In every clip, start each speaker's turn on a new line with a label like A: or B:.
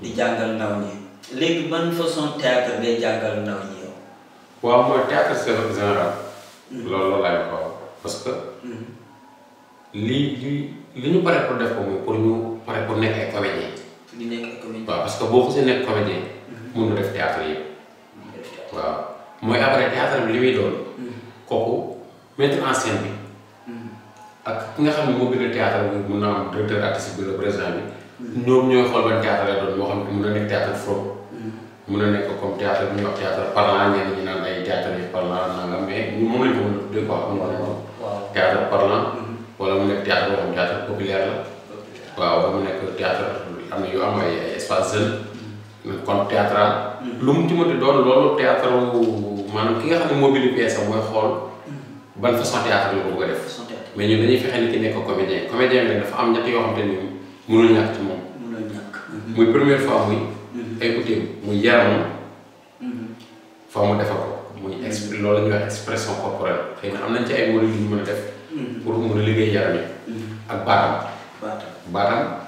A: di jàngal
B: ndaw ñi léegi ban façon théâtre ngay jàngal ndaw ñi yow. waaw mooy théâtre
C: général. loolu laay wax parce que. Hmm. lii li ñu pare pour def ko mooy ñu pare pour nekk ay comédien di nekk comédien waaw parce que boo ko si nekk comédien mhm. mun na def théâtre yëpp waaw mooy après théâtre bi li muy doon mhm. kooku mettre en scène bi mhm. ak nga xam ne moo bind théâtre bi mun naa am théâtre la mun na nekk comme théâtre bi ñuy wax théâtre parlant ñenn ñi naan ay théâtre yu mais moom lañ ko mën a tuddee quoi xam nga moom théâtre parlant wala mu nekk théâtre boo xam théâtre populaire la waaw wala mu nekk théâtre am yu am ay espace jeune kon théâtral lu mu ci mënti doon loolu théâtre maanaam ki nga xam ne mobile pièce mooy xool ban façon théâtre a def mais ñun dañuy fexe ni ki am xam te ni mënul ñàkk mhm. muy première fois muy écouter mhm. muy yaram mhm. fa mu defe ko muy na a def liggéey yaram yi ak baatam baatam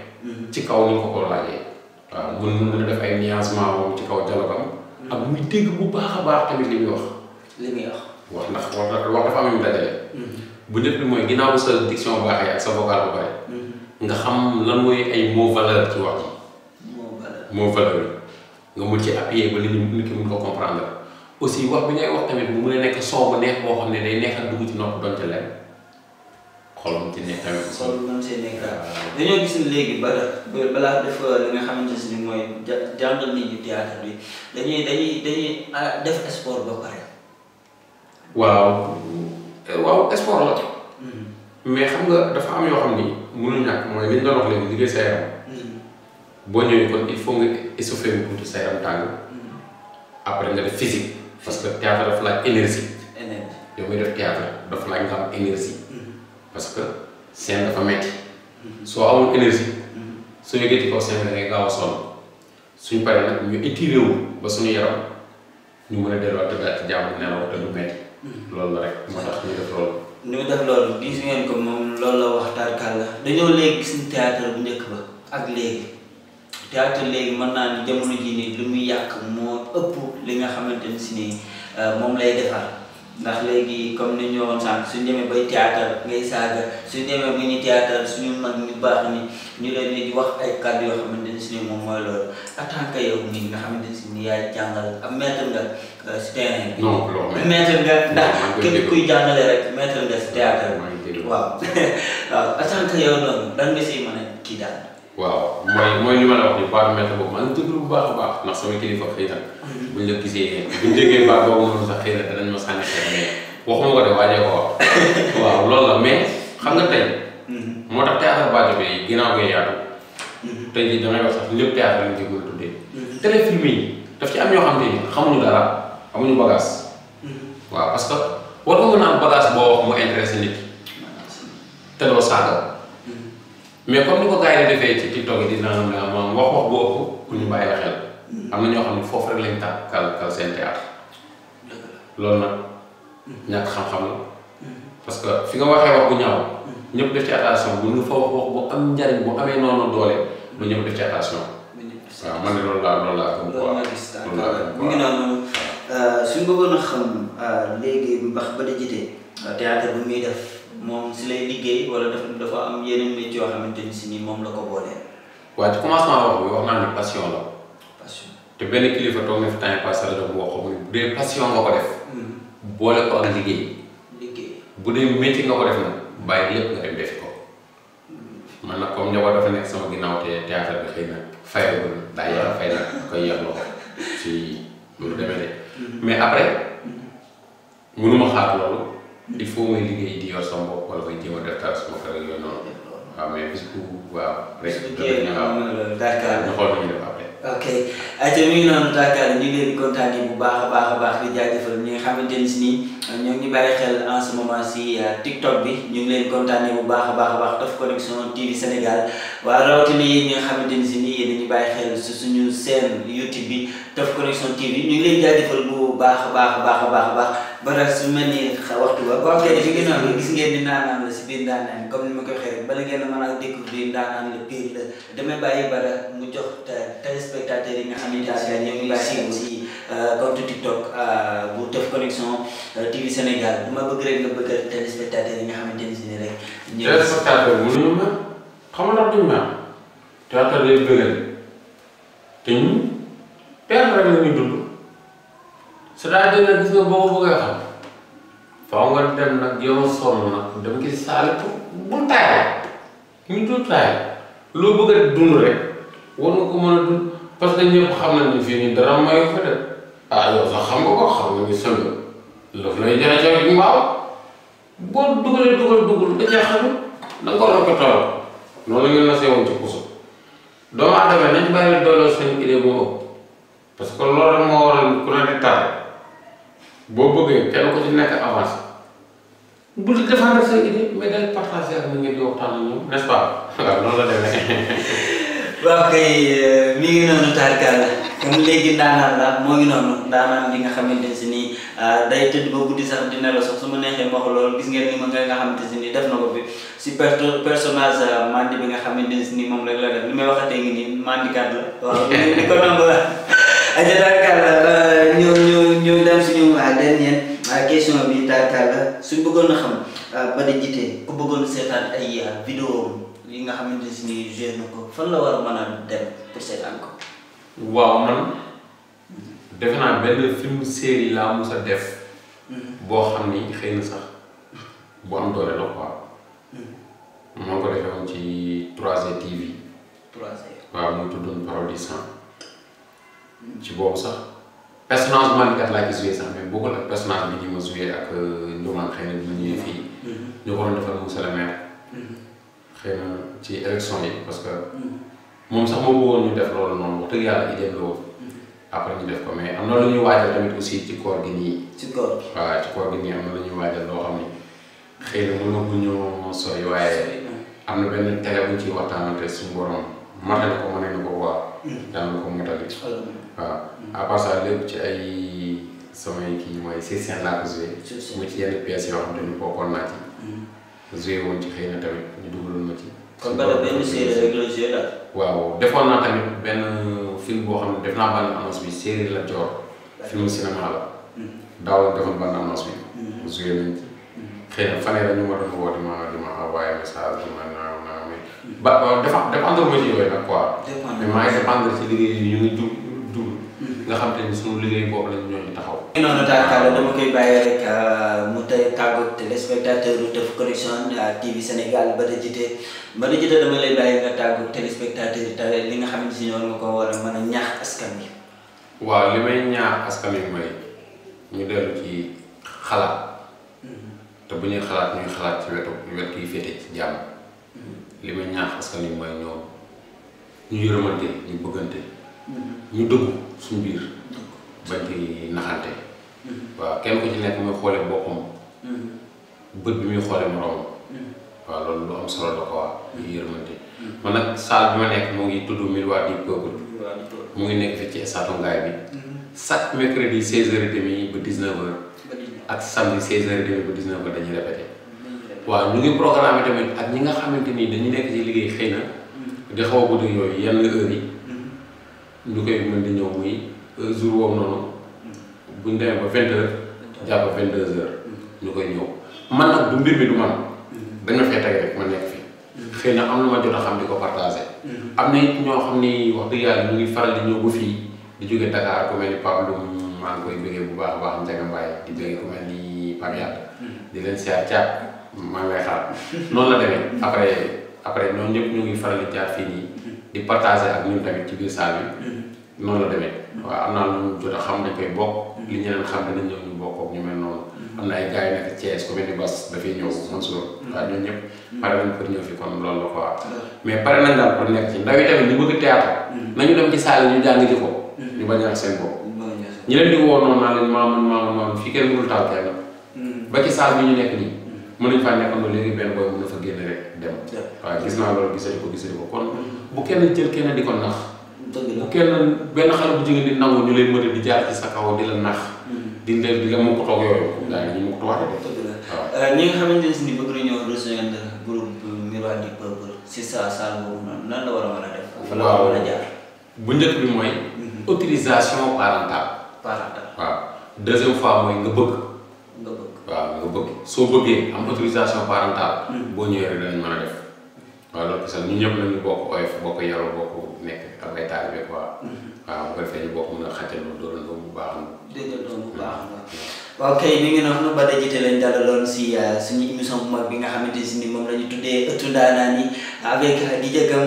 C: ci kaw ni nga ko ko laajee waaw mun mun na def ay nuancement moom ci kaw dialogam ak muy dégg bu baax a baax tamit li muy wax wax ndax wax dafa am yu mm-hmm. bu njëkk mm-hmm. xam lan mooy ay mots valeur ci mun ko comprendre aussi wax bi ngay wax tamit mu mun a nekk soobu neex boo xam ne day neexal dugg ci nopp doon lenn xolam ci nekk
B: dañoo gis ni léegi ba balaa def ne mooy ja jàngal nit ñi bi dañuy dañuy dañuy ah, def sport ba pare.
C: waaw waaw sport la. Mm-hmm. mais xam nga dafa am yoo xam ni mënu ñàkk mooy li ñu doon liggéey sa mm-hmm. boo ñëwee kon il faut nga échauffé bu tuuti mm-hmm. après nga def physique. parce que dafa laaj énergie. énergie yow muy def théâtre dafa laaj nga am énergie. parce que seen dafa metti soo amul énergie mm-hmm. soo yëkkati kaw seen da ngay gaaw a sonn suñ paree nag ñu étiré ba suñu yaram ñu mën a delluwaat tëddaat ci nelaw te metti mm-hmm. loolu la rek moo tax ñu def loolu ñu def loolu gis ngeen ko moom loolu la wax tarkal la dañoo léegi gis
B: ni théâtre bu njëkk ba ak léegi théâtre léegi mën naa ni ji ni lu muy yàq moo ëpp li nga xamante ni si ni euh, moom lay defar ndax léegi comme ni ñu waxoon sànq suñu demee bay théâtre ngay saaga suñu demee ba ñu théâtre suñu mag ñu baax ni ñu leen di wax ay kàddu yoo xamante si ni moom mooy loolu en tant que yow mii nga xamante ne si ni yaay jàngal ab maître nga euh, si terrain bi. non nga ndax képp kuy
C: jàngale rek maître nga si théâtre waaw waaw en noonu lan nga siy mën a kii daal. waaw mooy mooy li ma la wax ni baromètre boobu man déglu bu baax a baax ndax sama kilifa xëy na buñ la gisee buñ déggee baax boobu noonu sax xëy na danañ ma sànni xel mais waxuma ko de waajee ko wax waaw loolu la mais xam nga tey mhm. moo tax théâtre Bathio bi ginnaaw koy yaatu mhm. tey jii damay wax sax lépp théâtre lañ ci mën a tuddee mhm. téléfilm yi daf ci am ñoo xam te ni xamuñu dara amuñu bagage waaw parce que war nga mën a am bagage boo wax mu intéressé nit te doo saaga mais comme ni ko gars yi defee ci TikTok yi dina maam wax wax bu ëpp ku ñu bàyyi xel. Hmm. am na ñoo xam ne foofu rek lañ tàkk kal kal seen théâtre loolu nag ñàkk xam-xam la hmm. parce que fi nga waxee wax bu ñaaw hmm. ñëpp def ci attention bu ñu fa wax bu am njariñ bu amee noonu doole bu ñëpp def ci attention. waaw man de loolu laa loolu laa ko. loolu ngi noonu euh, suñ bëggoon a xam euh, léegi mbax ba da jitee
B: euh, théâtre bu muy def. moom si lay liggéey wala dafa dafa am yeneen métier yoo xamante ni si
C: nii moom la ko boolee. waaw ci commencement wax bi wax naa ne te benn kilifa toog nga ko def. Hmm. boole ko ak liggéey. bu dee métier nga ko def nag bàyyi lépp nga dem def ko. Hmm. man nag comme njaboot dafa nekk sama ginnaaw te théâtre bi xëy na fayagul daa yàlla fay na koy yàlloo ci loolu demee de. Hmm. mais après mënuma xaar loolu. il faut may liggéey di yor sama bopp wala may jéem a def taal sama kër yooyu noonu. waaw ah, mais bis bu waaw. rek dëgg la ñu xool ñu ok ayca mi ngi noonu
B: tàkkaar ñu ngi leen bu baax a baax a baax di jaajëfal ñi si nii ñoo ngi bàyyi xel en ce moment euh, bi ñu ngi leen kontaanee bu baax a baax a baax Teuf Connection TV Sénégal waaye rawatina yéen ñi nga xamante ni si nii ñu bàyyi xel si suñu seen YouTube bi Teuf Connection TV ñu ngi leen jaajëfal bu baax a baax a baax baax a baax ba su mel ni waxtu ba boo xam ne gis ngeen ni naan biir ndaanaan comme ni ma koy waxee rek bala ngeen mën a découvrir ndaanaan la biir la damay bàyyi bara mu jox téléspectateurs yi nga xamante ne ñoo ngi lay siiw si compte TikTok euh, bu Teuf Connection euh, TV Sénégal bu ma bëgg rek nga bëggal téléspectateurs yi nga xamante ne si ne rek. ñu ngi téléspectateur mënuñu xam nga
C: duñu ma théâtre lay bëggal te ñu perte rek la ñuy dund c'est-à-dire gis nga boo ko xam. faaw dem nag yow sonn nag dem ci saali pour bu taayal ñu dul taayal rek war nga ko mën a dund parce que ñëpp xam nañ ni dara mayu fa ah yow sax xam nga ko xam ni sëñ la lëf lay jaajëf bi mbaaw boo dugalee dugal dugal da cee xam da nga ko rafetal noonu la ñu nasee woon ci kusu doomu aadama nañ bàyyi dooleel seen idée bu ëpp parce que loolu moo waral ku ne di taal. bobo bëggee kenn ku ci nekk avancé bu di défendre sa idée mais day partager ak nit di waxtaan ak ñoom n'est-ce pas waaw noonu la demee waaw kay mi ngi noonu tarkalla comme léegi ndaanaan
B: la moo ngi noonu ndaanaan li nga xamante si nii day tëdd ba guddi sax di nelaw sax su ma neexee ma loolu gis ngeen ni ma nga xamante si nii def na ko fi si personnage mandi bi nga xamante si nii moom rek la def li may waxatee ngi nii kat la waaw ni ko nangu la aja tarkalla dernière ah, question bi taataal la suñ bëggoon a xam ah, Bada Djité ku bëggoon seetaan ay ah, vidéo yi nga xamante ne si
C: nii joué na ko fan la war a mën a dem pour seetaan ko. waaw man defe naa benn film série laa mus a def. Mm-hmm. boo xam ni xëy na sax bu am doole la quoi. maa mm-hmm. ngi ko ci 3 TV. 3 waaw mu tuddoon Parodie Sans. Mm-hmm. ci boobu sax. personnage Malick laa ci joué sax mais bokkul ak personnage bi ñu ma joué ak euh, Ndoumane xëy na ma ñëwee fii. ñu waroon defal Moussa le maire. xëy na ci parce que. Mm-hmm. moom sax moo noonu wax dëgg mm-hmm. na lu sooy waaye. Mm. am na benn télé bu ñu ciy waxtaanante suñu mate na ko mën nañu ko waaw. yàlla na ko motali. waaw à part lépp ci ay samay kii mooy session laa ko joué. mu ci yenn pièces yoo xam te ni naa ci. joué woon ci xëy na tamit ñu dugaloon ma ci. kon la boo xam ne def la joor. film cinéma la. Hmm. daaw la defoon bande annonce bi. joué hmm. nañ ci. Hmm. xëy na fan la ma doon woo di ma di ma envoyé message di ma. ba dafa dépendre ci yooyu nag quoi. mais maa ngi dépendre ci liggéey yi ñu ngi mm-hmm. nga xam te ni sunu liggéey boobu lañ ñooñu taxaw. ñu noonu tàkkaale
B: dama koy bàyyi rek euh, mu u Teuf euh, nga tàggu téléspectateur si noonu nga ko war a mën a ñaax askan wi. waaw
C: li may ñaax askan wi mooy ñu dellu ci xalaat. Mm-hmm. te bu ñuy xalaat ñuy xalaat ci wetu wet kiy féete ci jàmm. li ma ñaax askan wi mooy ñoom ñu yërëmante ñu bëggante mm-hmm. ñu dëgg suñu biir bañ ci naxante mm-hmm. waaw kenn ku ci nekk muy xoole boppam mm-hmm. bët bi muy xoole moroom waaw loolu lu am solo la quoi ñu yërëmante man nag salle bi ma nekk mu ngi tudd Miroir du Peuple mu ngi nekk ci stade Ngaye bi chaque mercredi 16h30 ba 19h ak samedi 16h30 ba 19 dañuy répété waaw ñu ngi programme tamit ak ñi nga xamante nii dañu nekk ci liggéey xëy na di xaw a guddi yooyu yenn heures yi mm-hmm. ñu koy mën di ñëw muy euh, jour woowu mm-hmm. mm-hmm. ma nekk fi xëy na am na ma jot a xam di ko partagé am na it ñoo xam ni wax dëgg yàlla ñu ngi faral di ñëw ba fii di jóge Dakar ku mel ni Pape Loum maa ngi bu baax a baax Ndiaga Mbaye di bëggee ku mel ni Pape Yade di leen siyaar caab maa ngi lay xaar noonu la demee après après ñoom ñëpp ñu ngi faral di fii nii di partager ak ñun tamit ci biir saal bi noonu la demee a xam dañ koy bokk li ñeneen xam danañ ñu bokk ak ñu mel noonu mais pare nañ daal nekk ci a seen bopp ñi leen di woo noonu naa leen fii kenn mënul taal hmm. ñu nekk nii mën nañ faa nekk am na léegi benn fa génn rek dem waaw ya. gis naa loolu gisati ko gisati ko kon bu hmm. kenn jël kenn di ko nax bu kenn benn xale bu jigéen di nangu ñu lay mëta di jaar ci sa kaw di la nax di la hmm. di la mu ko toog yooyu daal ñu mu ko mau rek
B: ñi nga xamante ne si bëgg nañoo rejoindre groupe miroir du peuple si sa salle boobu
C: noonu nan la war a mën a def fa la war a jaar bu njëkk bi mooy parentale parentale waaw deuxième fois mooy nga bëgg waaw nga bëgg soo bëggee am autorisation parentale. Hmm. boo ñëwee rek danañ mën a def. waaw loolu sax ñun ñëpp nañu bokk oyof bokk yaroo bokk nekk ak ay taalibe quoi. Hmm. ko defee a xàccal ñu doon baax. dégg nga doom hmm. waaw kay mi ngi noonu ba dajite lañ dalaloon
B: si euh, suñu émission bu mag bi nga xamante si ni moom la ñu tuddee ëttu ndaanaan yi avec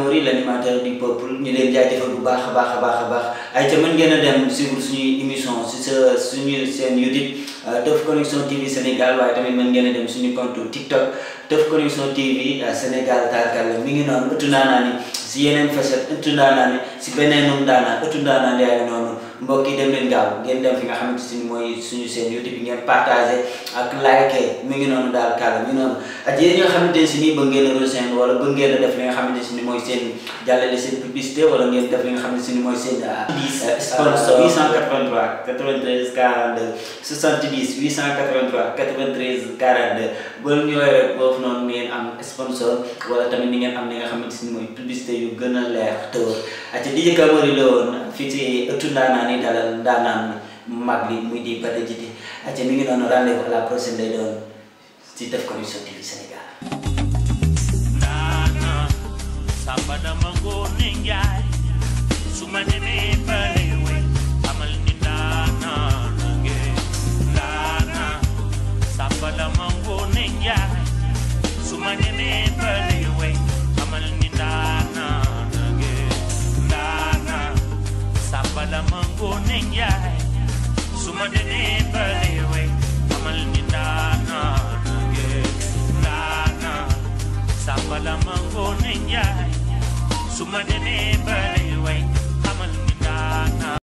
B: ñu leen jaajëfal bu baax a baax a baax ay ca mën ngeen a dem suivre suñuy émission si sa suñu seen YouTube Euh, Teuf Connection TV Sénégal waaye tamit mën ngeen a dem suñu compte TikTok Teuf Connection TV euh, Sénégal tarkal mi ngi noonu ëttu ndaanaan yi si yeneen facette ëttu ndaanaan yi si beneen um ndaanaan ëttu ndaanaan yaa ngi noonu mbokk yi dem leen gaaw ngeen dem fi nga xamante suñu mooy suñu seen youtube bi ngeen partagé ak like mi ngi noonu daal kàlla mi ngi noonu ak yéen ñi nga xamante ne si nii bëgg ngeen a rejoindre wala bëgg ngeen a def li nga xamante ne si nii mooy seen jàllale seen publicité wala nga xamante seen ah, euh, sponsor 883 ngeen am ni nga xamante ne si nii mooy publicité yu gën a leer tëwër aca di jëkka wari la woon fiti tundanani dalal ndanan magli muy di bada jidi aja mi ngi noonu rendez-vous la prochaine day doon
A: ci def nana mango ningay suma amal ni nana nana mango ningay suma poning yai sumadene balewe kamal ni nidana duge nana sambala mangoning yai ne balewe